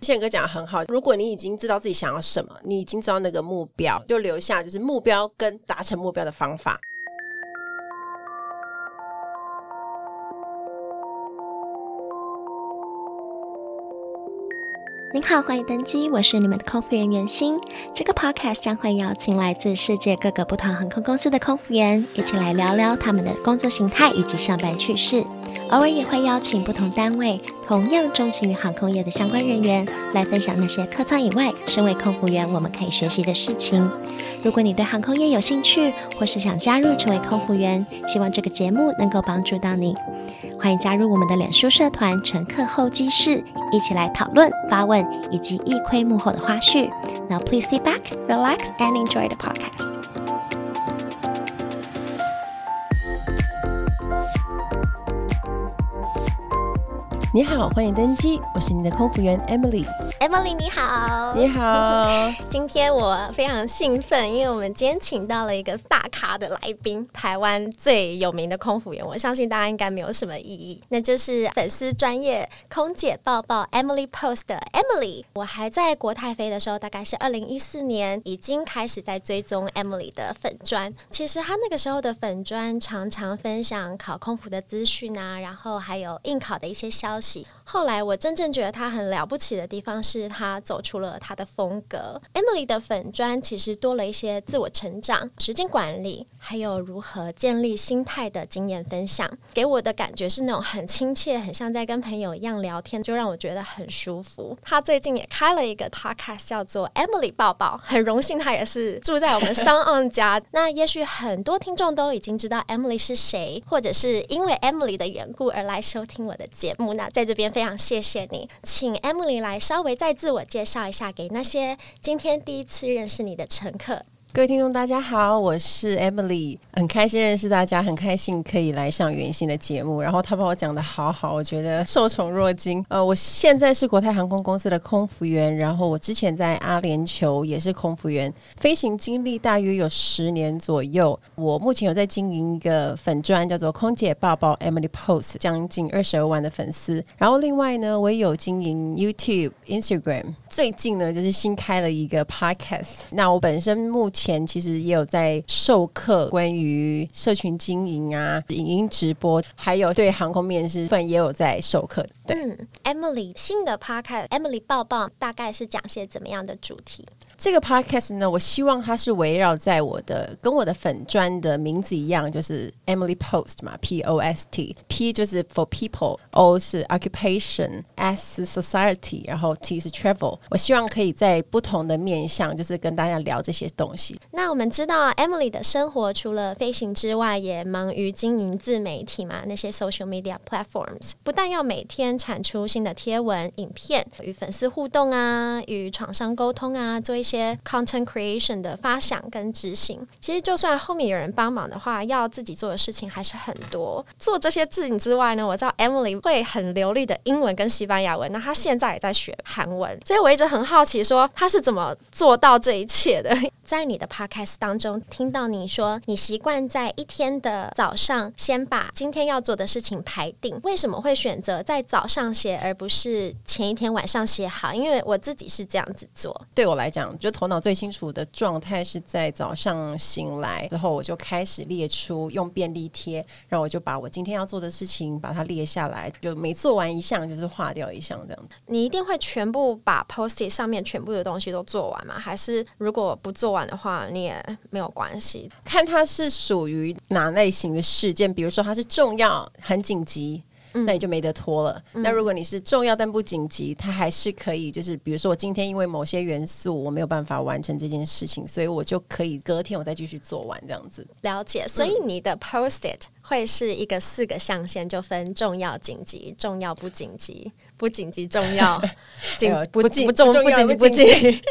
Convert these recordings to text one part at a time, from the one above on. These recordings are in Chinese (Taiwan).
憲哥講得很好。如果你已經知道自己想要什麼，你已經知道那個目標，就留下就是目標跟達成目標的方法。您好，歡迎登機，我是你們的空服員袁心。這個 podcast 將會邀請來自世界各個不同航空公司的空服員，一起來聊聊他們的工作形態以及上班趣事。偶爾也會邀請不同單位同樣鍾情於航空業的相關人員，來分享那些客艙以外身為空服員我們可以學習的事情。如果你對航空業有興趣，或是想加入成為空服員，希望這個節目能夠幫助到你。歡迎加入我們的臉書社團“乘客候機室”，一起來討論、發問以及一窺幕後的花絮。Now please sit back, relax and enjoy the podcast. 你好，歡迎登機，我是你的空服員 Emily。Emily 你好，你好。 今天我非常興奮，因為我們今天請到了一個大咖的來賓，台灣最有名的空服員。我相信大家應該沒有什麼異議，那就是粉絲專業空姐報報 Emily Post 的 Emily。我還在國泰飛的時候，大概是二零一四年，已經開始在追蹤 Emily 的粉專。其實她那個時候的粉專常常分享考空服的資訊啊，然後還有應考的一些消息。後來我真正覺得她很了不起的地方是。是他走出了他的風格。Emily 的粉專其實多了一些自我成長、時間管理，還有如何建立心態的經驗分享，給我的感覺是那種很親切，很像在跟朋友一樣聊天，就讓我覺得很舒服。他最近也開了一個 podcast 叫做 Emily 報報。很榮幸他也是住在我們 SoundOn 家。 那也許很多聽眾都已經知道 Emily 是誰，或者是因為 Emily 的緣故而來收聽我的節目。那在這邊非常謝謝你，請 Emily 來稍微。再自我介紹一下，給那些今天第一次認識你的乘客。各位聽眾，大家好，我是 Emily，很開心認識大家，很開心可以來上圓心的節目。然後他把我講得好好，我覺得受寵若驚。呃，我現在是國泰航空公司的空服員，然後我之前在阿聯酋也是空服員，飛行經歷大約有十年左右。我目前有在經營一個粉專叫做空姐報報 Emily Post，將近二十二萬的粉絲。然後另外呢，我也有經營 YouTube、Instagram，最近呢就是新開了一個 Podcast。那我本身目前前其實也有在授課，關於社群經營啊、影音直播，還有對航空面試，反然也有在授課。對、嗯、Emily 新的 Podcast Emily 報報，大概是講些怎麼樣的主題？這個 podcast 呢，我希望它是圍繞在我的跟我的粉專的名字一樣，就是 Emily Post 嘛，P O S T，P 就是 for people，O 是 occupation，S 是 society，然後 T 是 travel。我希望可以在不同的面向，就是跟大家聊這些東西。那我們知道 Emily 的生活除了飛行之外，也忙於經營自媒體嘛，那些 social media platforms，不但要每天產出新的貼文、影片，與粉絲互動啊，與廠商溝通啊，做一些。些 content creation 的發想跟執行，其實就算後面有人幫忙的話，要自己做的事情還是很多。做這些事情之外呢，我知道 Emily 會很流利的英文跟西班牙文，那她現在也在學韓文，所以我一直很好奇說，說她是怎麼做到這一切的。在你的 Podcast 當中聽到你說，你習慣在一天的早上先把今天要做的事情排定，為什麼會選擇在早上寫，而不是前一天晚上寫好？因為我自己是這樣子做，對我來講。就頭腦最清楚的狀態是在早上醒來之後，我就開始列出用便利貼，然後我就把我今天要做的事情把它列下來，就每做完一項就是劃掉一項這樣。你一定會全部把 post 上面全部的東西都做完嗎？還是如果不做完的話，你也沒有關係？看它是屬於哪類型的事件，比如說它是重要、很緊急。嗯、那你就沒得拖了、嗯。那如果你是重要但不緊急，它還是可以，就是比如說我今天因為某些元素我沒有辦法完成這件事情，所以我就可以隔天我再繼續做完這樣子。了解，所以你的 post-it、嗯。會是一個四個象限，就分重要、緊急、重要不緊急、不緊急、重要、緊、 哎、不緊不,不,不重要不緊急不緊，不急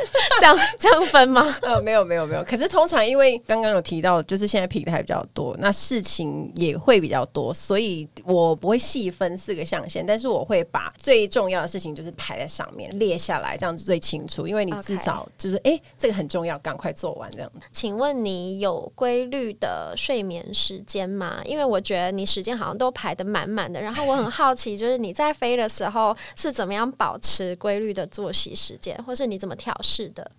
這樣這樣分嗎？呃，沒有沒有沒有。可是通常因為剛剛有提到，就是現在平台比較多，那事情也會比較多，所以我不會細分四個象限，但是我會把最重要的事情就是排在上面列下來，這樣子最清楚。因為你至少就是哎、Okay. 欸，這個很重要，趕快做完這樣。請問你有規律的睡眠時間嗎？因為我覺得你時間好像都排得滿滿的，然後我很好奇，就是你在飛的時候是怎麼樣保持規律的作息時間，或是你怎麼調適的？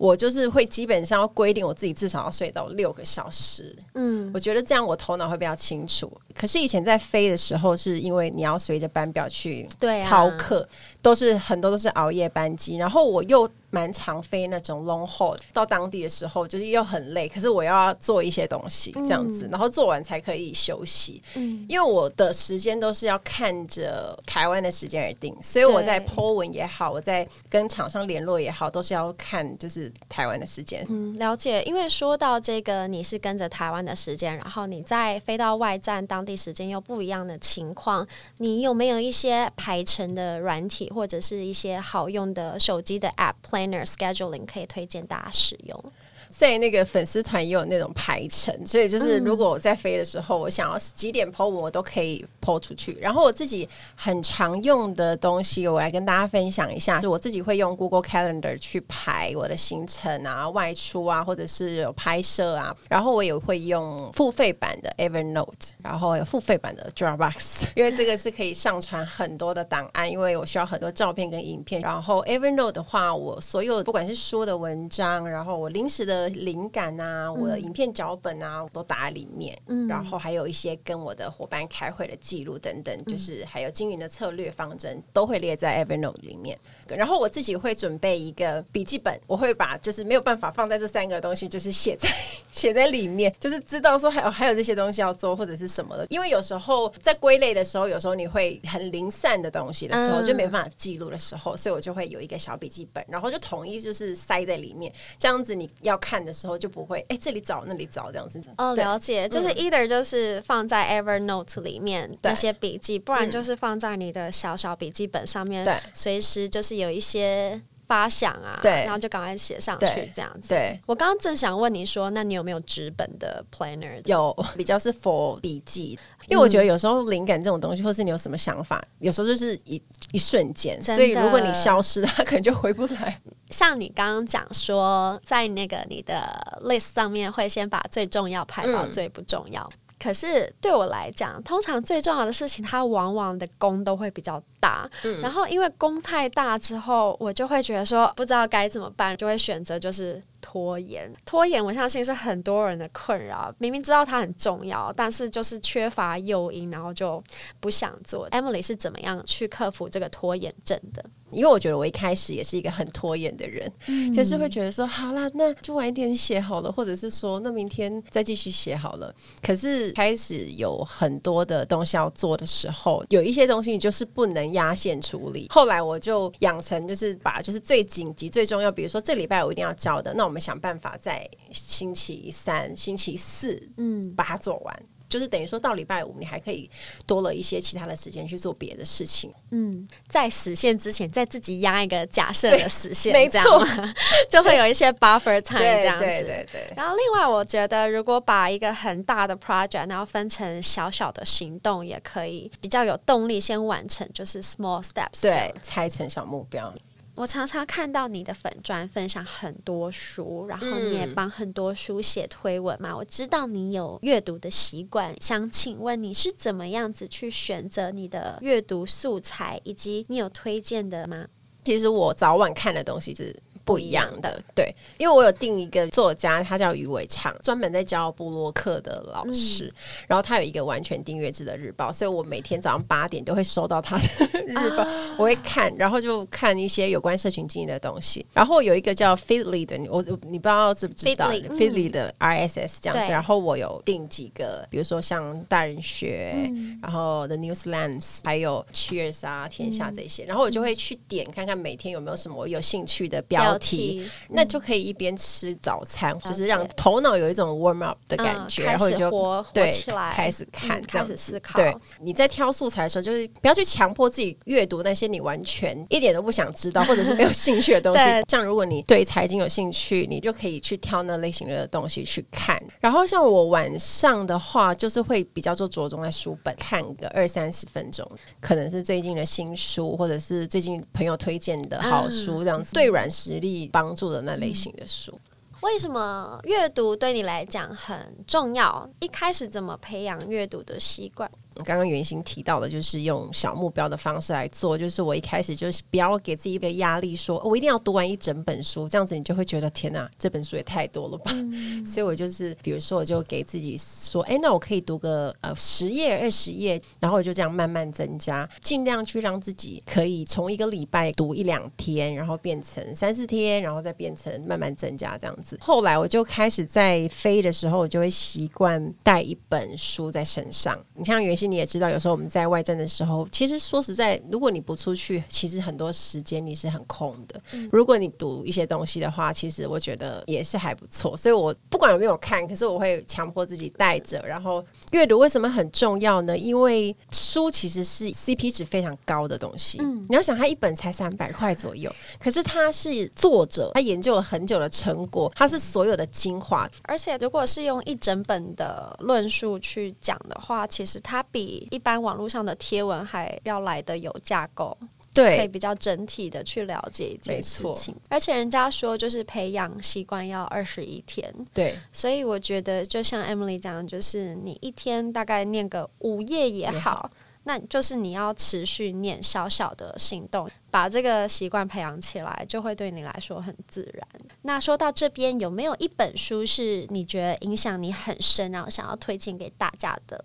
我就是會基本上要規定我自己至少要睡到六個小時，嗯，我覺得這樣我頭腦會比較清楚。可是以前在飛的時候，是因為你要隨着班表去操課，對啊，都是很多都是熬夜班機。然後我又蠻常飛那種 long hold，到當地的時候就是又很累，可是我要做一些東西這樣子，嗯、然後做完才可以休息。嗯，因為我的時間都是要看着台灣的時間而定，所以我在 Po 文也好，我在跟廠商聯絡也好，都是要看就是。台灣的時間。嗯，了解。因為說到這個，你是跟着台灣的時間，然後你在飛到外站，當地時間又不一樣的情況，你有沒有一些排程的軟體，或者是一些好用的手機的 App Planner Scheduling 可以推薦大家使用？在那個粉絲團也有那種排程，所以就是如果我在飛的時候，我想要幾點 po 我都可以 po 出去。然後我自己很常用的東西，我來跟大家分享一下。就我自己會用 Google Calendar 去排我的行程啊、外出啊，或者是有拍攝啊。然後我也會用付費版的 Evernote，然後有付費版的 Dropbox，因為這個是可以上傳很多的檔案，因為我需要很多照片跟影片。然後 Evernote 的話，我所有不管是書的文章，然後我臨時的。靈感啊，我的影片腳本啊，我都打在裡面。嗯，然後還有一些跟我的夥伴開會的記錄等等，就是還有經營的策略方針，都會列在 Evernote 裡面。嗯然後我自己會準備一個筆記本，我會把就是沒有辦法放在這三個東西，就是寫在寫在裡面，就是知道說還有還有這些東西要做或者是什麼的，因為有時候在歸類的時候，有時候你會很零散的東西的時候，就沒辦法記錄的時候，所以我就會有一個小筆記本，然後就統一就是塞在裡面，這樣子你要看的時候就不會哎這裡找那裡找這樣子。哦，了解、嗯，就是 either 就是放在 Evernote 裡面那些筆記，不然就是放在你的小小筆記本上面，對，隨時就是。有一些發想啊，對，然後就趕快寫上去，這樣子。對，對，我剛剛正想問你說，那你有沒有紙本的 planner？有，比較是 for 筆記，嗯，因為我覺得有時候靈感這種東西，或是你有什麼想法，有時候就是一一瞬間，所以如果你消失，它可能就回不來。像你剛剛講說，在那個你的 list 上面，會先把最重要排到最不重要。嗯。可是對我來講，通常最重要的事情，它往往的功都會比較大，嗯。然後因為功太大之後，我就會覺得說不知道該怎麼辦，就會選擇就是拖延。拖延我相信是很多人的困擾，明明知道它很重要，但是就是缺乏誘因，然後就不想做。Emily 是怎麼樣去克服這個拖延症的？因為我覺得我一開始也是一個很拖延的人，嗯、就是會覺得說，好啦，那就晚一點寫好了，或者是說，那明天再繼續寫好了。可是開始有很多的東西要做的時候，有一些東西你就是不能壓線處理。後來我就養成就是把就是最緊急、最重要，比如說這禮拜我一定要交的，那我們想辦法在星期三、星期四，嗯，把它做完。嗯就是等於說到禮拜五，你還可以多了一些其他的時間去做別的事情。嗯，在實現之前，再自己壓一個假設的實現，沒錯，就會有一些 buffer time 這樣子。對對對，對。然後另外，我覺得如果把一個很大的 project 然後分成小小的行動，也可以比較有動力，先完成，就是 small steps。對，拆成小目標。我常常看到你的粉專分享很多書，然後你也幫很多書寫推文嘛、嗯。我知道你有閱讀的習慣，想請問你是怎麼樣子去選擇你的閱讀素材，以及你有推薦的嗎？其實我早晚看的東西是、不一樣的，對，因為我有訂一個作家，他叫於為暢，專門在教部落客的老師、嗯。然後他有一個完全訂閱制的日報，所以我每天早上八點都會收到他的、哦、日報，我會看，然後就看一些有關社群經營的東西。然後有一個叫 Feedly 的，我你不知道知不知道 Feedly 的 RSS 這樣子。然後我有訂幾個，比如說像大人學，嗯、然後 The News Lens 還有 Cheers 啊天下這些、嗯。然後我就會去點看看每天有沒有什麼我有興趣的標題那就可以一邊吃早餐、嗯，就是讓頭腦有一種 warm up 的感覺，嗯、然後就對活對起來，開始看、嗯，開始思考。對，你在挑素材的時候，就是不要去強迫自己閱讀那些你完全一點都不想知道， 或者是沒有興趣的東西。像如果你對財經有興趣，你就可以去挑那類型的東西去看。然後像我晚上的話，就是會比較做着重在書本看個二三十分鐘，可能是最近的新書，或者是最近朋友推薦的好書這樣子。嗯、對，軟食。力幫助的那類型的書，嗯，為什麼閱讀對你來講很重要？一開始怎麼培養閱讀的習慣？剛剛原型提到的，就是用小目標的方式來做。就是我一開始就是不要給自己一個壓力說，說我一定要讀完一整本書，這樣子你就會覺得天哪，這本書也太多了吧。嗯。所以我就是，比如說，我就給自己說，哎，那我可以讀個呃十頁、二十頁，然後我就這樣慢慢增加，盡量去讓自己可以從一個禮拜讀一兩天，然後變成三四天，然後再變成慢慢增加這樣子。後來我就開始在飛的時候，我就會習慣帶一本書在身上。你像原。其實你也知道，有時候我們在外站的時候，其實說實在，如果你不出去，其實很多時間你是很空的。嗯。如果你讀一些東西的話，其實我覺得也是還不錯。所以我不管有沒有看，可是我會強迫自己帶着。然後閱讀為什麼很重要呢？因為書其實是 CP 值非常高的東西。嗯，你要想，它一本才三百塊左右，可是它是作者，他研究了很久的成果，它是所有的精華。而且如果是用一整本的論述去講的話，其實它。比一般網絡上的貼文還要來的有架構，對，可以比較整體的去了解一件事情。而且人家說，就是培養習慣要二十一天，對。所以我覺得，就像 Emily 講的，就是你一天大概念個五頁也好，好，那就是你要持續念小小的行動，把這個習慣培養起來，就會對你來說很自然。那說到這邊，有沒有一本書是你覺得影響你很深，然後想要推薦給大家的？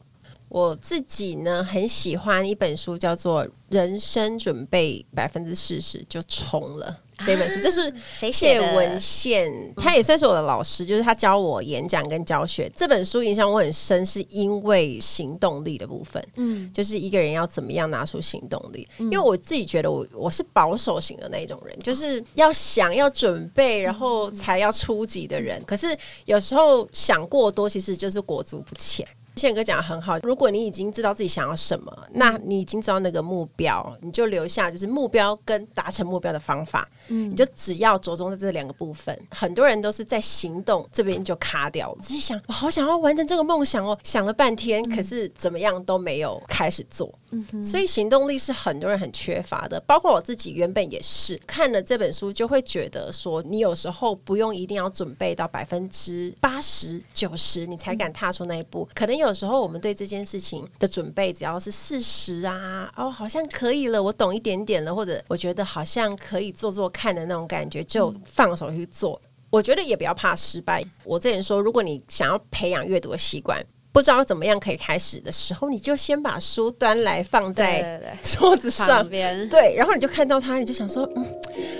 我自己呢，很喜歡一本書，叫做《人生準備百分之四十就衝了》這本書，啊、這是誰寫文憲，他也算是我的老師，就是他教我演講跟教學。嗯、這本書影響我很深，是因為行動力的部分。嗯，就是一個人要怎麼樣拿出行動力？嗯、因為我自己覺得我我是保守型的那種人，就是要想要準備，然後才要出擊的人，嗯嗯。可是有時候想過多，其實就是裹足不前。憲哥講得很好。如果你已經知道自己想要什麼，那你已經知道那個目標，你就留下就是目標跟達成目標的方法。嗯，你就只要着重在這兩個部分，很多人都是在行動這邊就卡掉了。自己想，我好想要完成這個夢想哦，想了半天，可是怎麼樣都沒有開始做。嗯，所以行動力是很多人很缺乏的，包括我自己原本也是看了這本書，就會覺得說，你有時候不用一定要準備到百分之八十九十，你才敢踏出那一步。嗯，可能有時候我們對這件事情的準備，只要是四十啊，哦，好像可以了，我懂一點點了，或者我覺得好像可以做做。看的那種感覺，就放手去做。我覺得也不要怕失敗。我之前說，如果你想要培養閱讀的習慣，不知道怎麼樣可以開始的時候，你就先把書端來放在桌子上邊，對，然後你就看到它，你就想說，嗯，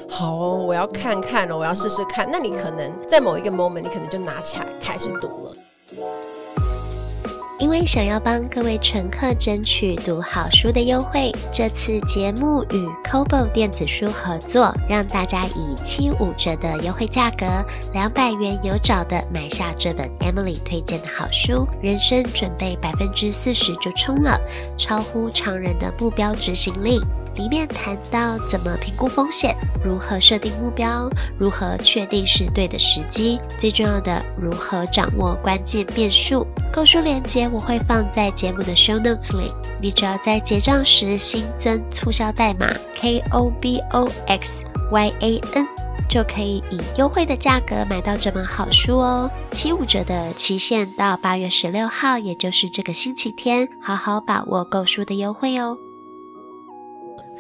好哦，我要看看哦，我要試試看。那你可能在某一個 moment，你可能就拿起來開始讀了。因為想要幫各位乘客爭取讀好書的優惠，這次節目與 Kobo 電子書合作，讓大家以七五折的優惠價格，兩百元有找的買下這本 Emily 推薦的好書，人生準備百分之四十就衝了，超乎常人的目標執行力。裡面談到怎麼評估風險，如何設定目標，如何確定是對的時機，最重要的如何掌握關鍵變數。購書鏈接我會放在節目的 show notes 裡，你只要在結賬時新增促銷代碼 K O B O X Y A N，就可以以優惠的價格買到這本好書哦。七五折的期限到八月十六號，也就是這個星期天，好好把握購書的優惠哦。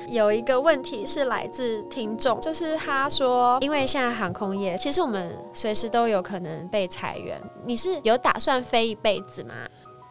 有一個問題是來自聽眾，就是他說，因為現在航空業，其實我們隨時都有可能被裁員。你是有打算飛一輩子嗎？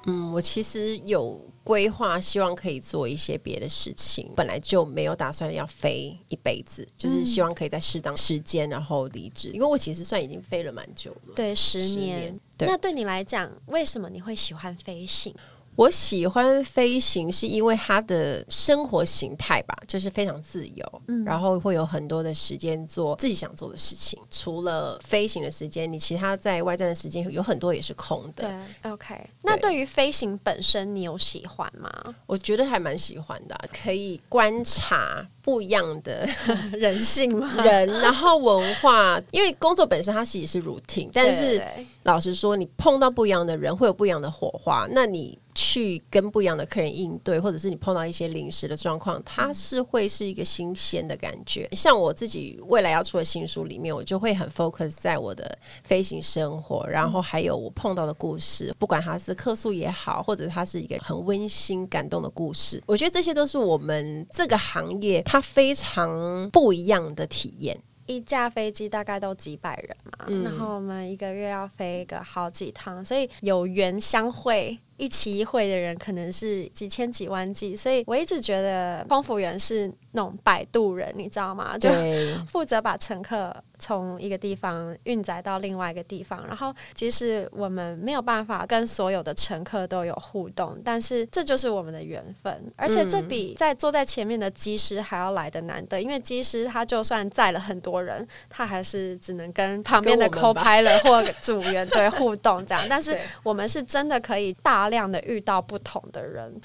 嗯，我其實有規劃，希望可以做一些別的事情，本來就沒有打算要飛一輩子，就是希望可以在適當時間然後離職。因為我其實算已經飛了蠻久了，對，十年。十年，對。那對你來講，為什麼你會喜歡飛行？我喜歡飛行，是因為他的生活形態吧，就是非常自由，嗯，然後會有很多的時間做自己想做的事情。除了飛行的時間，你其他在外站的時間有很多也是空的。對，OK 對。那對於飛行本身，你有喜歡嗎？我覺得還蠻喜歡的，可以觀察不一樣的 人性嘛，人，然後文化， 因為工作本身它其實是 routine，但是，對對對，老實說，你碰到不一樣的人，會有不一樣的火花。那你。去跟不一樣的客人應對，或者是你碰到一些臨時的狀況，它是會是一個新鮮的感覺。像我自己未來要出的新書裡面，我就會很 focus 在我的飛行生活，然後還有我碰到的故事，不管它是客訴也好，或者它是一個很溫馨感動的故事，我覺得這些都是我們這個行業它非常不一樣的體驗。一架飛機大概都幾百人嘛、嗯，然後我們一個月要飛一個好幾趟，所以有緣相會。一期一會的人可能是幾千幾萬計，所以我一直覺得空服員是那種擺渡人，你知道嗎？就負責把乘客從一個地方運載到另外一個地方。然後，即使我們沒有辦法跟所有的乘客都有互動，但是這就是我們的緣分。而且這比在坐在前面的機師還要來得難得，因為機師他就算載了很多人，他還是只能跟旁邊的 copilot 或組員對 互動這樣。但是我們是真的可以大。大量的遇到不同的人。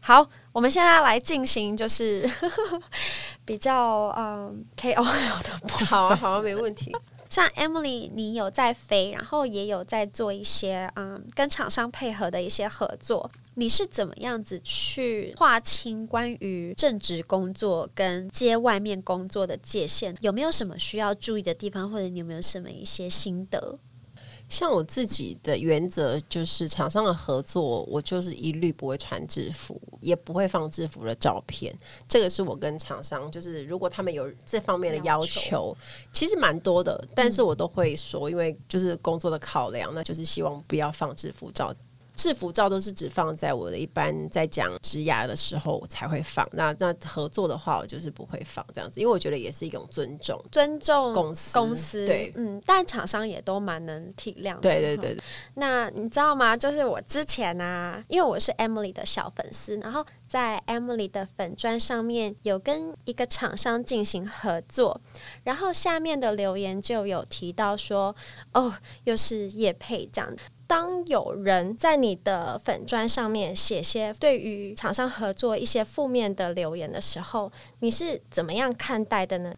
好，我們現在來進行，就是呵呵比較嗯 KOL 的。好啊，好啊，沒問題。像 Emily，你有在飛，然後也有在做一些嗯跟廠商配合的一些合作，你是怎麼樣子去劃清關於正職工作跟接外面工作的界限？有沒有什麼需要注意的地方，或者你有沒有什麼一些心得？像我自己的原則就是廠商的合作，我就是一律不會穿制服，也不會放制服的照片。這個是我跟廠商，就是如果他們有這方面的要求，其實蠻多的，但是我都會說，因為就是工作的考量，那就是希望不要放制服照。製服照都是只放在我的一般在講職涯的時候我才會放，那那合作的話我就是不會放這樣子，因為我覺得也是一種尊重，尊重公司對，嗯，但廠商也都蠻能體諒，對對對對。那你知道嗎？就是我之前呢、啊，因為我是 Emily 的小粉絲，然後在 Emily 的粉專上面有跟一個廠商進行合作，然後下面的留言就有提到說，哦，又是業配這樣。當有人在你的粉專上面寫些對於廠商合作一些負面的留言的時候，你是怎麼樣看待的呢？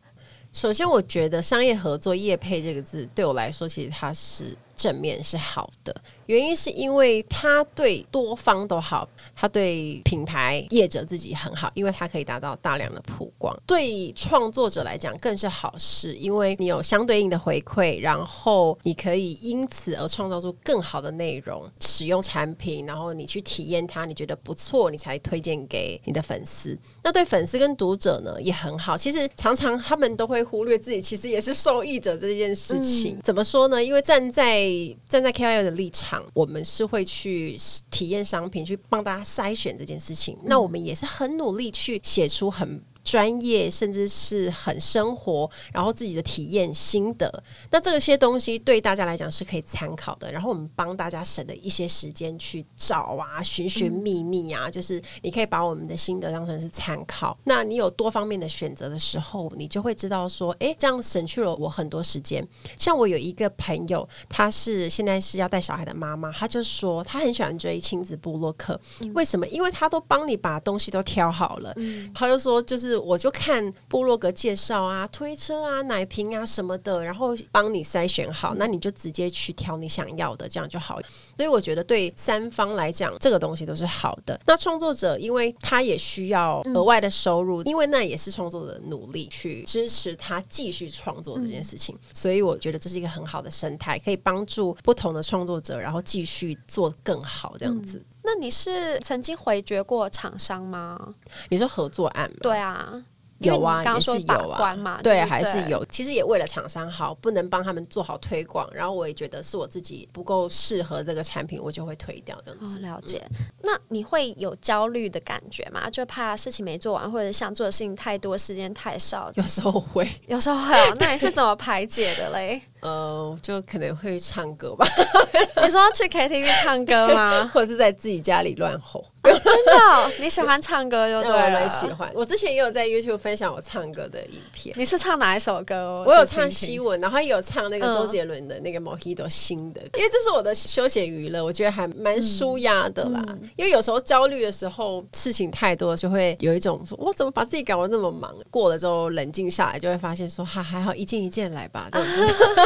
首先，我覺得“商業合作”“業配”這個字對我來說，其實它是。正面是好的，原因是因為他對多方都好，他對品牌業者自己很好，因為他可以達到大量的曝光。對創作者來講更是好事，因為你有相對應的回饋，然後你可以因此而創造出更好的內容，使用產品，然後你去體驗它，你覺得不錯，你才推薦給你的粉絲。那對粉絲跟讀者呢也很好。其實常常他們都會忽略自己其實也是受益者這件事情。嗯，怎麼說呢？因為站在站在 KOL 的立場，我們是會去體驗商品，去幫大家篩選這件事情，嗯。那我們也是很努力去寫出很專業甚至是很生活，然後自己的體驗心得，那這些東西對大家來講是可以參考的。然後我們幫大家省了一些時間去找啊，尋尋覓覓啊、嗯，就是你可以把我們的心得當成是參考。那你有多方面的選擇的時候，你就會知道說，誒，這樣省去了我很多時間。像我有一個朋友，他是現在是要帶小孩的媽媽，他就說他很喜歡追親子部落客，為什麼？因為他都幫你把東西都挑好了。嗯、他就說，就是。我就看部落格介紹啊，推車啊，奶瓶啊什麼的，然後幫你篩選好，那你就直接去挑你想要的，這樣就好。所以我覺得對三方來講，這個東西都是好的。那創作者因為他也需要額外的收入，嗯、因為那也是創作者努力去支持他繼續創作這件事情、嗯，所以我覺得這是一個很好的生態，可以幫助不同的創作者，然後繼續做更好這樣子。嗯那你是曾經回絕過廠商嗎？你說合作案嗎？對啊，有啊，你剛剛說是有啊，對，對，對，還是有。其實也為了廠商好，不能幫他們做好推廣。然後我也覺得是我自己不夠適合這個產品，我就會推掉這樣子。哦，了解。那你會有焦慮的感覺嗎？就怕事情沒做完，或者想做的事情太多，時間太少。有時候會，有時候會哦。那你是怎麼排解的嘞？ 呃，就可能會唱歌吧。 你說要去 KTV 唱歌嗎？ 或者是在自己家裡亂吼。 哦？真的，你喜歡唱歌對？對，我很喜歡。我之前也有在 YouTube 分享我唱歌的影片。你是唱哪一首歌？我，聽聽我有唱西文，然後也有唱那個周杰倫的那個 Mojito 新的。嗯、因為這是我的休閒娛樂，我覺得還蠻舒壓的啦，嗯。因為有時候焦慮的時候，事情太多，就會有一種說，我怎麼把自己搞得那麼忙？過了之後冷靜下來，就會發現說，哈，哈，還好一件一件來吧。啊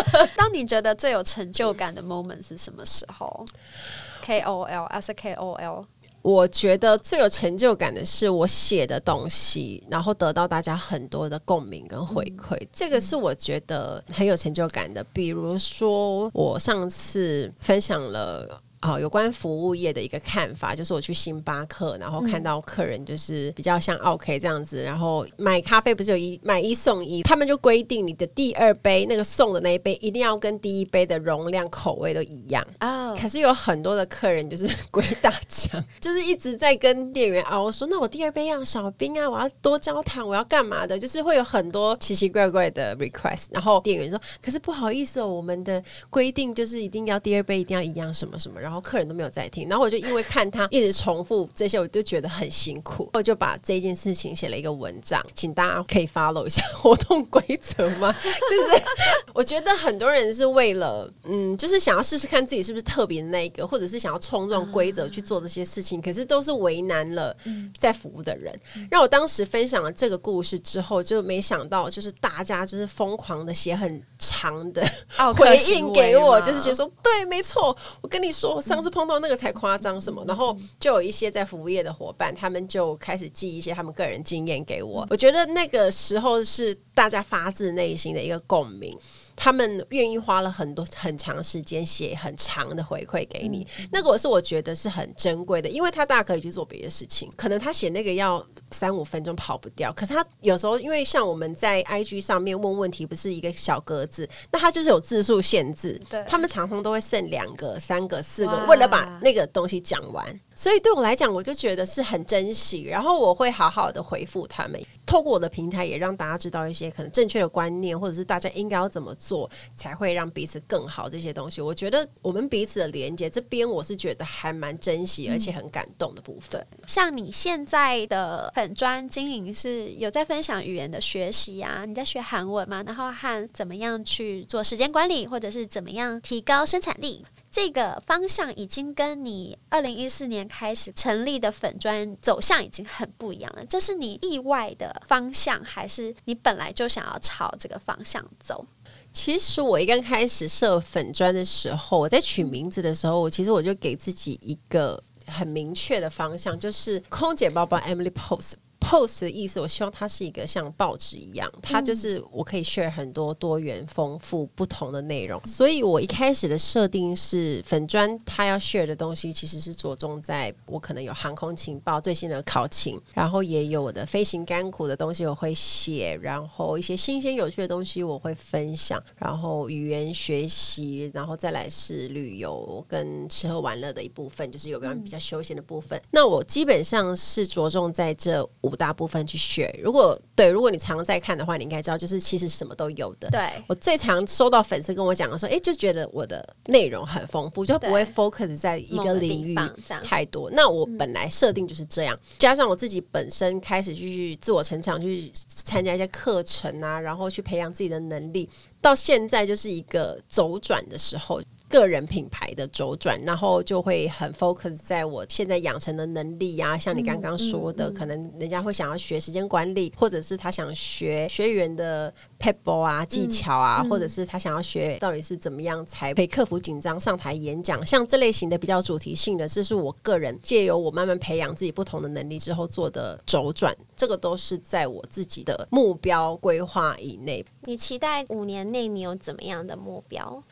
當 你覺得最有成就感的 moment 是什麼時候？KOL，as a KOL，啊、KOL 我覺得最有成就感的是我寫的東西，然後得到大家很多的共鳴跟回饋。嗯，這個是我覺得很有成就感的。比如說，我上次分享了。啊、oh,，有關服務業的一個看法，就是我去星巴克，然後看到客人就是比較像奧客這樣子、嗯，然後買咖啡不是有一買一送一，他們就規定你的第二杯那個送的那一杯一定要跟第一杯的容量、口味都一樣啊。Oh. 可是有很多的客人就是鬼打牆， 就是一直在跟店員 啊我說那我第二杯要少冰啊，我要多焦糖，我要幹嘛的？就是會有很多奇奇怪怪的 request，然後店員說可是不好意思哦，我們的規定就是一定要第二杯一定要一樣什麼什麼，然後。然後客人都沒有在聽，然後我就因為看他一直重複這些，我就覺得很辛苦，我就把這件事情寫了一個文章，請大家可以 follow 一下活動規則嗎？就是我覺得很多人是為了嗯，就是想要試試看自己是不是特別那個，或者是想要衝撞規則去做這些事情，可是都是為難了在服務的人。讓我當時分享了這個故事之後，就沒想到就是大家就是瘋狂的寫很長的回應給我，就是寫說對，沒錯，我跟你說。上次碰到那個才誇張什麼，然後就有一些在服務業的夥伴，他們就開始寄一些他們個人經驗給我。我覺得那個時候是大家發自內心的一個共鳴，他們願意花了很多很長時間寫很長的回饋給你。那個我是我覺得是很珍貴的，因為他大可以去做別的事情，可能他寫那個要。三五分鐘跑不掉，可是他有時候因為像我們在 IG 上面，問問題，不是一個小格子，那他就是有字數限制。對，他們常常都會剩兩個、三個、四個，為了把那個東西講完。所以對我來講，我就覺得是很珍惜，然後我會好好的回復他們，透過我的平台也讓大家知道一些可能正確的觀念，或者是大家應該要怎麼做，才會讓彼此更好。這些東西，我覺得我們彼此的連接，這邊我是覺得還蠻珍惜，而且很感動的部分。像你現在的。粉專經營是有在分享語言的學習啊，你在學韓文嗎？然後和怎麼樣去做時間管理，或者是怎麼樣提高生產力，這個方向已經跟你二零一四年開始成立的粉專走向已經很不一樣了。這是你意外的方向，還是你本來就想要朝這個方向走？其實我一剛開始設粉專的時候，我在取名字的時候，我其實我就給自己一個。很明確的方向就是空姐報報，Emily Post。post 的意思，我希望它是一個像報紙一樣，它就是我可以 share 很多多元、豐富、不同的內容、嗯。所以我一開始的設定是，粉專它要 share 的東西其實是着重在我可能有航空情報、最新的考勤，然後也有我的飛行甘苦的東西我會寫，然後一些新鮮有趣的東西我會分享，然後語言學習，然後再來是旅遊跟吃喝玩樂的一部分，就是有比較比較休閒的部分、嗯。那我基本上是着重在這五。不大部分去學，如果對，如果你常在看的話，你應該知道，就是其實什麼都有的。對，我最常收到粉絲跟我講的時候，哎、欸，就覺得我的內容很豐富，就不會 focus 在一個領域太多。那我本來設定就是這樣、嗯，加上我自己本身開始去自我成長，去參加一些課程啊，然後去培養自己的能力，到現在就是一個周轉的時候。個人品牌的周轉，然後就會很 focus 在我現在養成的能力呀、啊，像你剛剛說的、嗯嗯嗯，可能人家會想要學時間管理，或者是他想學學員的撇步啊技巧啊、嗯嗯，或者是他想要學到底是怎麼樣才可以克服緊張上台演講，像這類型的比較主題性的，這是我個人借由我慢慢培養自己不同的能力之後做的周轉，這個都是在我自己的目標規劃以內。你期待五年內你有怎麼樣的目標？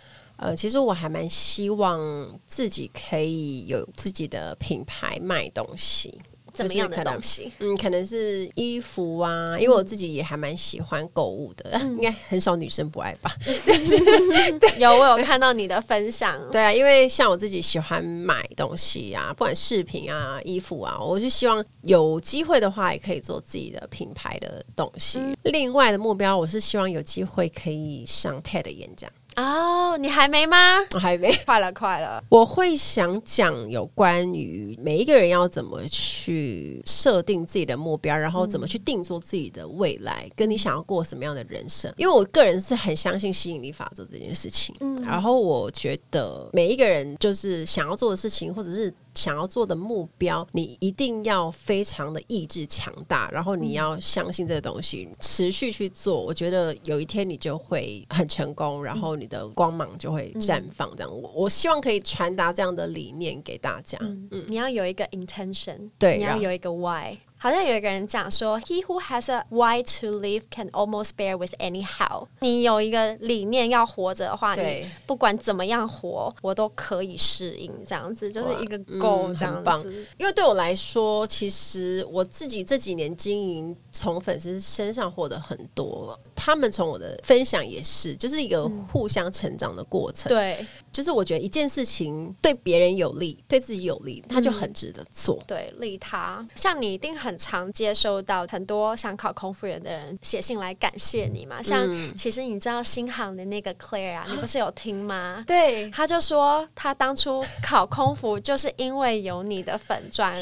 呃，其實我還蠻希望自己可以有自己的品牌賣東西，怎麼樣的東西？嗯，可能是衣服啊，嗯、因為我自己也還蠻喜歡購物的，嗯、應該很少女生不愛吧？ 有，我有看到你的分享。 對啊，因為像我自己喜歡買東西啊，不管飾品啊、衣服啊，我就希望有機會的話，也可以做自己的品牌的東西。嗯、另外的目標，我是希望有機會可以上 TED 演講。哦、oh，你還沒嗎？我、哦、還沒，快了，快了。我會想講有關於每一個人要怎麼去設定自己的目標，然後怎麼去定做自己的未來，嗯，跟你想要過什麼樣的人生。因為我個人是很相信吸引力法則這件事情。嗯，然後我覺得每一個人就是想要做的事情，或者是。想要做的目標，你一定要非常的意志強大，然後你要相信這個東西，嗯，持續去做。我覺得有一天你就會很成功，然後你的光芒就會綻放，嗯。這樣，我我希望可以傳達這樣的理念給大家，嗯嗯。你要有一個 intention，對，你要有一個 why。好像有一個人講說，He who has a why to live can almost bear with any how。你有一個理念要活着的話，對你不管怎麼樣活，我都可以適應。這樣子哇就是一個 goal 這樣子、嗯。因為對我來說，其實我自己這幾年經營，從粉絲身上獲得很多了。他們從我的分享也是，就是一個互相成長的過程、嗯。對，就是我覺得一件事情對別人有利，對自己有利，他、嗯、就很值得做。對，利他。像你一定很常接收到很多想考空服員的人寫信來感謝你嘛。像、嗯、其實你知道新航的那個 Claire 啊，你不是有聽嗎？對，他就說他當初考空服就是因為有你的粉專，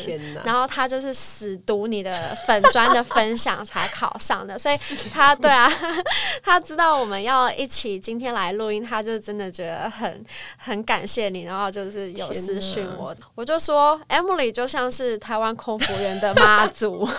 然後他就是死讀你的粉專的分享才考上的， 所以他對啊。 他知道我們要一起今天來錄音，他就真的覺得很很感謝你，然後就是有私訊我，我就說 Emily 就像是台灣空服員的媽祖。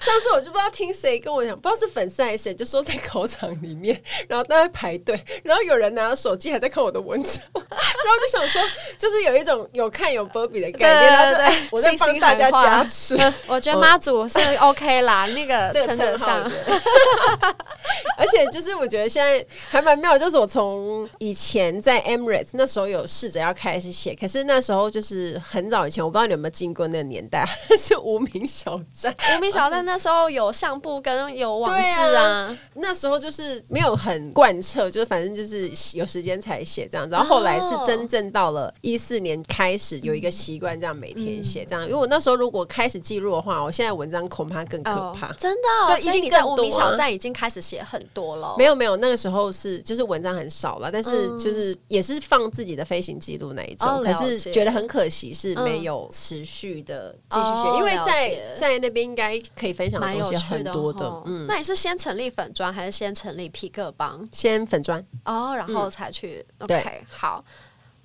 上次我就不知道聽誰跟我講，不知道是粉絲還是誰，就說在考場裡面，然後他在排隊，然後有人拿着手機還在看我的文章， 然後就想說，就是有一種有看有保庇的感覺，對對對，我在幫大家加持。對對對，我在幫大家加持 我覺得媽祖是 OK 啦， 那個稱得上。這個 而且就是我覺得現在還蠻妙，就是我從以前在 Emirates 那時候有試着要開始寫，可是那時候就是很早以前，我不知道你有沒有經過那個年代，是無名小站。無名小站那時候有相簿跟有網誌啊，啊，那時候就是沒有很貫徹，就是反正就是有時間才寫這樣。然後後來是真正到了一四年開始有一個習慣，這樣每天寫這樣。因為我那時候如果開始記錄的話，我現在文章恐怕更可怕，哦、真的、哦，就一定更多、啊。但已經開始寫很多了，沒有沒有，那個時候是就是文章很少了，但是就是也是放自己的飛行記錄那一種、嗯，可是覺得很可惜，是沒有持續的繼續寫、嗯哦，因為在在那邊應該可以分享的東西很多的，的、哦，嗯，那你是先成立粉專還是先成立痞客邦？先粉專哦，然後才去、嗯、ok，好。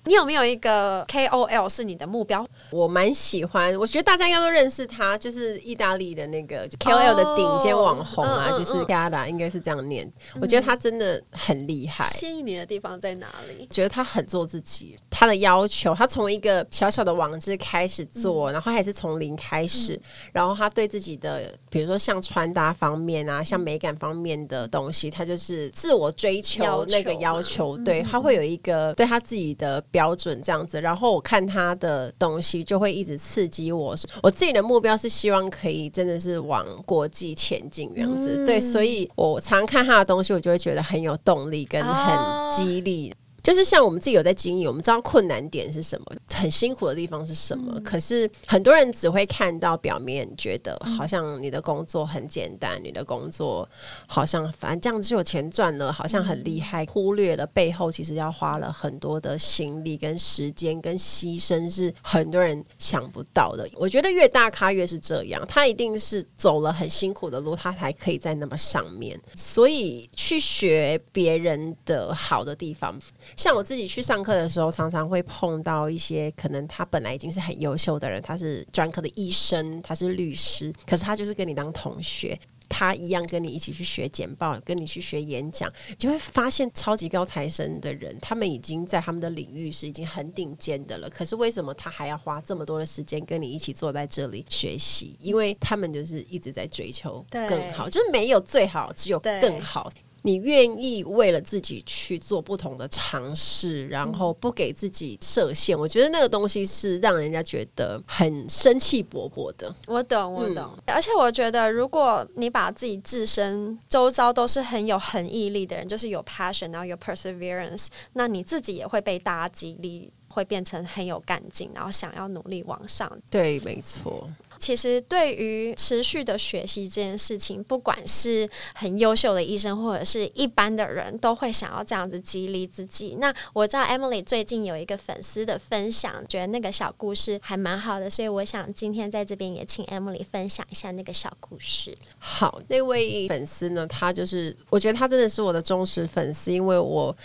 你有沒有一個 KOL 是你的目標？我蠻喜歡，我覺得大家應該都認識他，就是意大利的那個 KOL、oh, 的頂尖網紅啊，嗯嗯、就是 Gara 應該是這樣念、嗯。我覺得他真的很厲害。吸引你的地方在哪裡？覺得他很做自己，他的要求，他從一個小小的網誌開始做、嗯，然後還是從零開始、嗯，然後他對自己的，比如說像穿搭方面啊，像美感方面的東西，他就是自我追求那個要求，要求啊、對、嗯、他會有一個對他自己的。標準這樣子，然後我看他的東西就會一直刺激我。我自己的目標是希望可以真的是往國際前進這樣子，嗯，對，所以我常看他的東西，我就會覺得很有動力跟很激勵。哦就是像我們自己有在經營，我們知道困難點是什麼，很辛苦的地方是什麼。嗯、可是很多人只會看到表面，覺得好像你的工作很簡單，嗯、你的工作好像反正這樣就有錢賺了，好像很厲害、嗯，忽略了背後其實要花了很多的心力、跟時間、跟犧牲，是很多人想不到的。我覺得越大咖越是這樣，他一定是走了很辛苦的路，他才可以在那麼上面。所以去學別人的好的地方。像我自己去上課的時候，常常會碰到一些可能他本來已經是很優秀的人，他是專科的醫生，他是律師，可是他就是跟你當同學，他一樣跟你一起去學簡報，跟你去學演講，你就會發現超級高材生的人，他們已經在他們的領域是已經很頂尖的了。可是為什麼他還要花這麼多的時間跟你一起坐在這裡學習？因為他們就是一直在追求更好，就是沒有最好，只有更好。你願意為了自己去做不同的嘗試，然後不給自己設限，我覺得那個東西是讓人家覺得很生氣勃勃的。我懂，我懂。嗯。而且我覺得，如果你把自己自身周遭都是很有很毅力的人，就是有 passion，然後有 perseverance，那你自己也會被大家激勵，會變成很有幹勁，然後想要努力往上。對，沒錯。其實，對於持續的學習這件事情，不管是很優秀的醫生或者是一般的人都會想要這樣子激勵自己。那我知道 Emily 最近有一個粉絲的分享，覺得那個小故事還蠻好的，所以我想今天在這邊也請 Emily 分享一下那個小故事。好，那位粉絲呢，他就是我覺得他真的是我的忠實粉絲，因為我，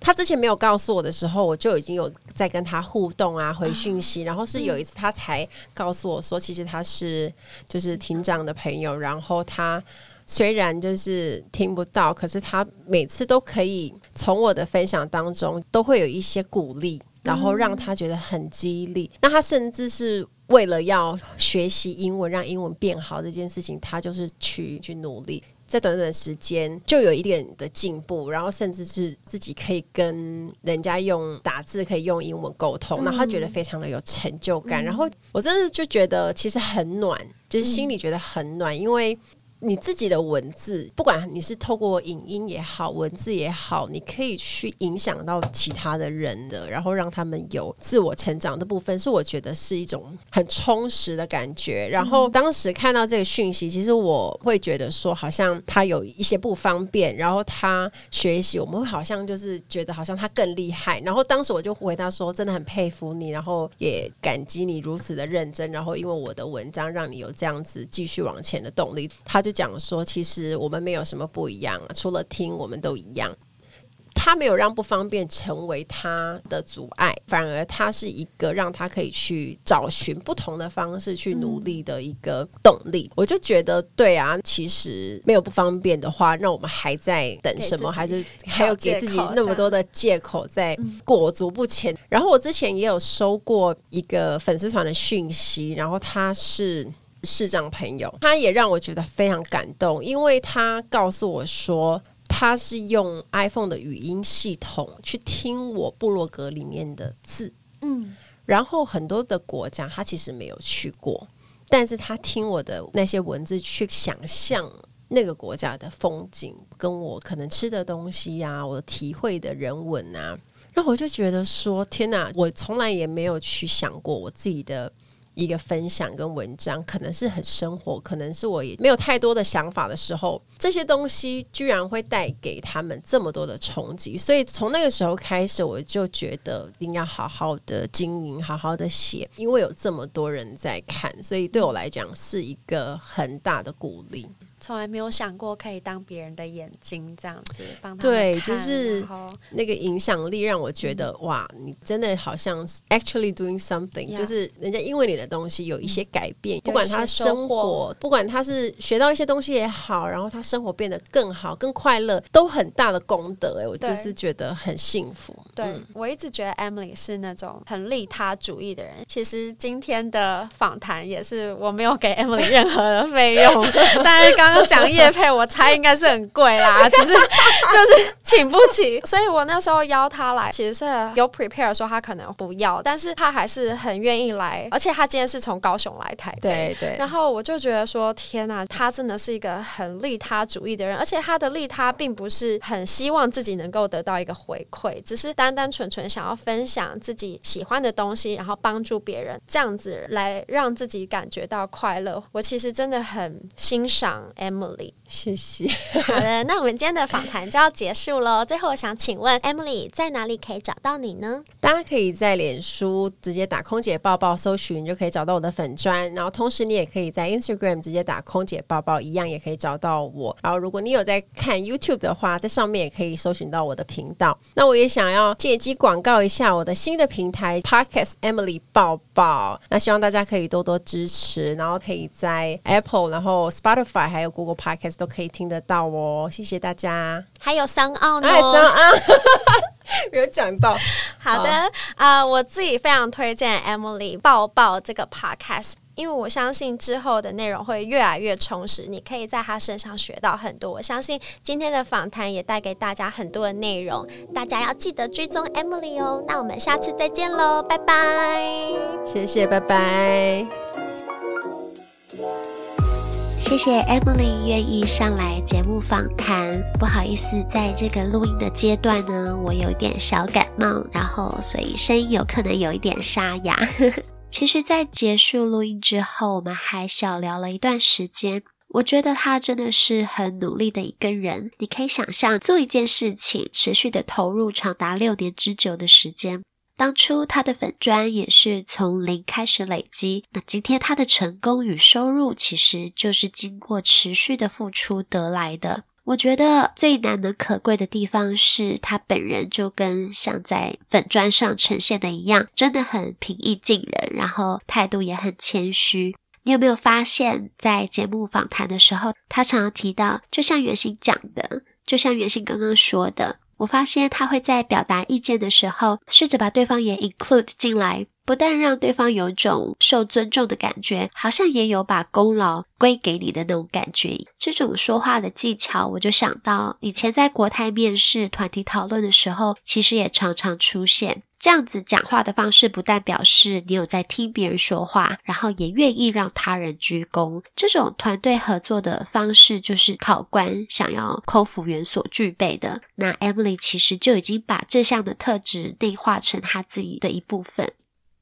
他之前沒有告訴我的時候，我就已經有在跟他互動啊，回訊息、啊。然後是有一次他才告訴我說、嗯，其實他是就是聽障的朋友。然後他雖然就是聽不到，可是他每次都可以從我的分享當中都會有一些鼓勵、嗯，然後讓他覺得很激勵。那他甚至是為了要學習英文，讓英文變好這件事情，他就是去去努力。在短短的時間就有一點的進步，然後甚至是自己可以跟人家用打字可以用英文溝通，那、嗯、他覺得非常的有成就感、嗯。然後我真的就覺得其實很暖，就是心裡覺得很暖，嗯、因為。你自己的文字，不管你是透過影音也好，文字也好，你可以去影響到其他的人的，然後讓他們有自我成長的部分，是我覺得是一種很充實的感覺。然後當時看到這個訊息，其實我會覺得說，好像他有一些不方便，然後他學習，我們會好像就是覺得好像他更厲害。然後當時我就回答說，真的很佩服你，然後也感激你如此的認真，然後因為我的文章讓你有這樣子繼續往前的動力。他就，講說，其實我們沒有什麼不一樣，除了聽，我們都一樣。他沒有讓不方便成為他的阻礙，反而他是一個讓他可以去找尋不同的方式去努力的一個動力。嗯、我就覺得，對啊，其實沒有不方便的話，那我們還在等什麼？還是還有給自己那麼多的借口在裹足不前，嗯？然後我之前也有收過一個粉絲團的訊息，然後他是。視障朋友，他也讓我覺得非常感動，因為他告訴我說，他是用 iPhone 的語音系統去聽我部落格裡面的字，嗯，然後很多的國家他其實沒有去過，但是他聽我的那些文字去想象那個國家的風景，跟我可能吃的東西呀，啊，我體會的人文啊，那我就覺得說，天哪，我從來也沒有去想過我自己的。一個分享跟文章，可能是很生活，可能是我也沒有太多的想法的時候，這些東西居然會帶給他們這麼多的衝擊。所以從那個時候開始，我就覺得一定要好好的經營，好好的寫，因為有這麼多人在看，所以對我來講是一個很大的鼓勵。從來沒有想過可以當別人的眼睛這樣子，幫他，對，就是那個影響力讓我覺得、嗯、哇，你真的好像是 actually doing something，、嗯、就是人家因為你的東西有一些改變，嗯、不管他生活、嗯，不管他是學到一些東西也好，然後他生活變得更好、更快樂，都很大的功德哎，我就是覺得很幸福。對，、嗯、對我一直覺得 Emily 是那種很利他主義的人。其實今天的訪談也是我沒有給 Emily 任何的費用， 但是剛剛。講業配，我猜應該是很貴啦，只是就是請不起，所以我那時候邀他來，其實是有 prepare 說他可能不要，但是他還是很願意來，而且他今天是從高雄來台北，對對。然後我就覺得說，天吶、啊，他真的是一個很利他主義的人，而且他的利他並不是很希望自己能夠得到一個回饋，只是單單純純想要分享自己喜歡的東西，然後幫助別人，這樣子來讓自己感覺到快樂。我其實真的很欣賞。Emily，謝謝。好的，那我們今天的訪談就要結束嘍。 最後，我想請問 Emily 在哪裡可以找到你呢？大家可以在臉書直接打“空姐報報”搜尋，你就可以找到我的粉專。然後，同時你也可以在 Instagram 直接打“空姐報報”，一樣也可以找到我。然後，如果你有在看 YouTube 的話，在上面也可以搜尋到我的頻道。那我也想要借機廣告一下我的新的平台 Podcast Emily 報報。那希望大家可以多多支持，然後可以在 Apple，然後 Spotify 還。有 Google Podcast 都可以聽得到哦，謝謝大家。還有 SoundOn 呢？還 有 SoundOn，有講到。好的，啊、呃，我自己非常推薦 Emily 報報這個 Podcast，因為我相信之後的內容會越來越充實，你可以在他身上學到很多。我相信今天的訪談也帶給大家很多的內容，大家要記得追蹤 Emily 哦。那我們下次再見嘍，拜拜。謝謝，拜拜。謝謝 Emily 願意上來節目訪談。不好意思，在這個錄音的階段呢，我有點小感冒，然後所以聲音有可能有一點沙啞。 其實，在結束錄音之後，我們還小聊了一段時間。我覺得他真的是很努力的一個人。你可以想象，做一件事情，持續的投入長達六年之久的時間。當初他的粉專也是從零開始累積，那今天他的成功與收入其實就是經過持續的付出得來的。我覺得最難能可貴的地方是他本人就跟像在粉專上呈現的一樣，真的很平易近人，然後態度也很謙虛。你有沒有發現，在節目訪談的時候，他常常提到，就像袁鑫講的，就像袁鑫剛剛說的。我發現他會在表達意見的時候，試着把對方也 include 進來，不但讓對方有一種受尊重的感覺，好像也有把功勞歸給你的那種感覺。這種說話的技巧，我就想到以前在國泰面試團體討論的時候，其實也常常出現。這樣子講話的方式，不但表示你有在聽別人說話，然後也願意讓他人鞠躬。這種團隊合作的方式，就是考官想要空服員所具備的。那 Emily 其實就已經把這項的特質內化成她自己的一部分。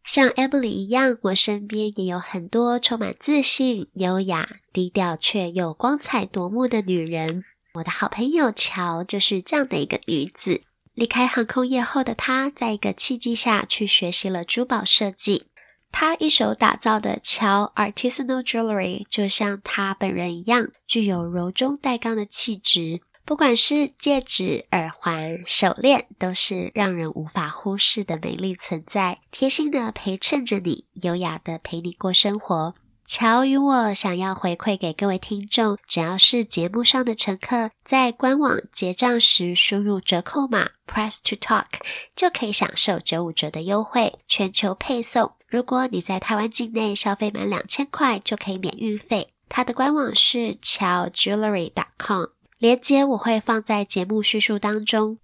像 Emily 一樣，我身邊也有很多充滿自信、優雅、低調卻又光彩奪目的女人。我的好朋友喬就是這樣的一個女子。離開航空業後的他，在一個契機下去學習了珠寶設計。他一手打造的喬 Artisanal Jewellery 就像他本人一樣，具有柔中帶剛的氣質。不管是戒指、耳環、手鏈，都是讓人無法忽視的美麗存在，貼心的陪襯着你，優雅的陪你過生活。喬與我想要回饋給各位聽眾，只要是節目上的乘客，在官網結賬時輸入折扣碼 Press To Talk，就可以享受九五折的優惠，全球配送。如果你在台灣境內消費滿兩千塊，就可以免運費。它的官網是喬 Jewellery.com，鏈接我會放在節目敘述當中。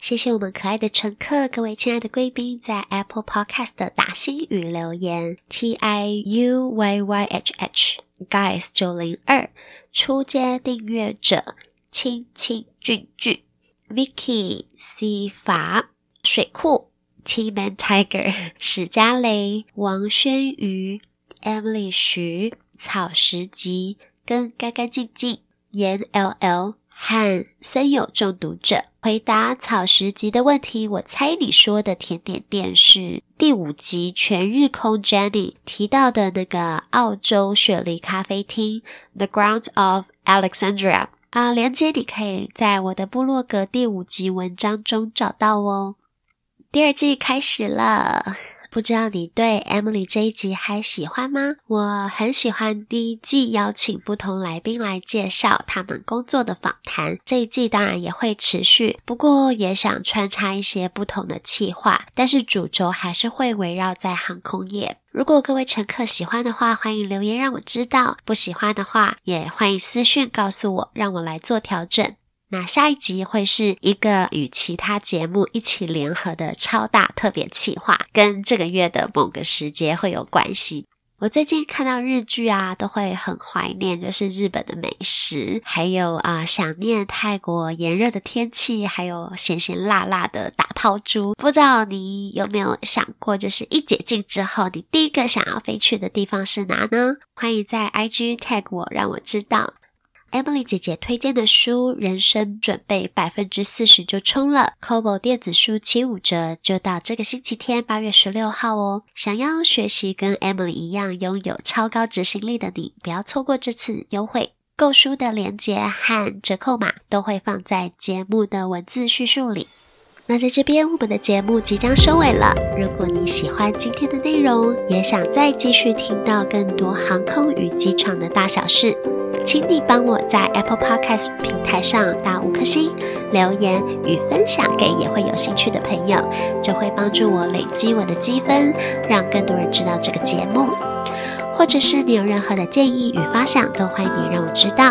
謝謝我們可愛的乘客，各位親愛的貴賓，在 Apple Podcast 的打星與留言 T I U Y Y H H Guys 九零二初階訂閱者青青俊俊 Vicky C 法水庫 T Man Tiger 史佳蕾王軒瑜 Emily 徐草食吉跟干干淨淨 Y N L L。和森友中毒者回答草食集的問題。我猜你說的甜點店是第五集全日空 Jenny 提到的那個澳洲雪梨咖啡廳 The Grounds of Alexandria 啊，鏈接你可以在我的部落格第五集文章中找到哦。第二季開始了。不知道你對 Emily 這一集還喜歡嗎？我很喜歡第一季邀請不同來賓來介紹他們工作的訪談，這一季當然也會持續，不過也想穿插一些不同的企劃，但是主軸還是會圍繞在航空業。如果各位乘客喜歡的話，歡迎留言讓我知道；不喜歡的話，也歡迎私訊告訴我，讓我來做調整。那下一集會是一個與其他節目一起聯合的超大特別企劃，跟這個月的某個時節會有關係。我最近看到日劇啊，都會很懷念，就是日本的美食，還有啊、呃，想念泰國炎熱的天氣，還有鹹鹹辣辣的打拋豬。不知道你有沒有想過，就是一解禁之後，你第一個想要飛去的地方是哪呢？歡迎在 IG tag 我，讓我知道。Emily 姐姐推薦的書，人生準備百分之四十就衝了。Kobo 電子書七五折，就到這個星期天八月十六號哦。想要學習跟 Emily 一樣擁有超高執行力的你，不要錯過這次優惠。購書的鏈接和折扣碼都會放在節目的文字敘述裡。那在這邊，我們的節目即將收尾了。如果你喜歡今天的內容，也想再繼續聽到更多航空與機場的大小事，請你幫我在 Apple Podcast 平台上打五顆星，留言與分享給也會有興趣的朋友，就會幫助我累積我的積分，讓更多人知道這個節目。或者是你有任何的建議與發想，都歡迎你讓我知道。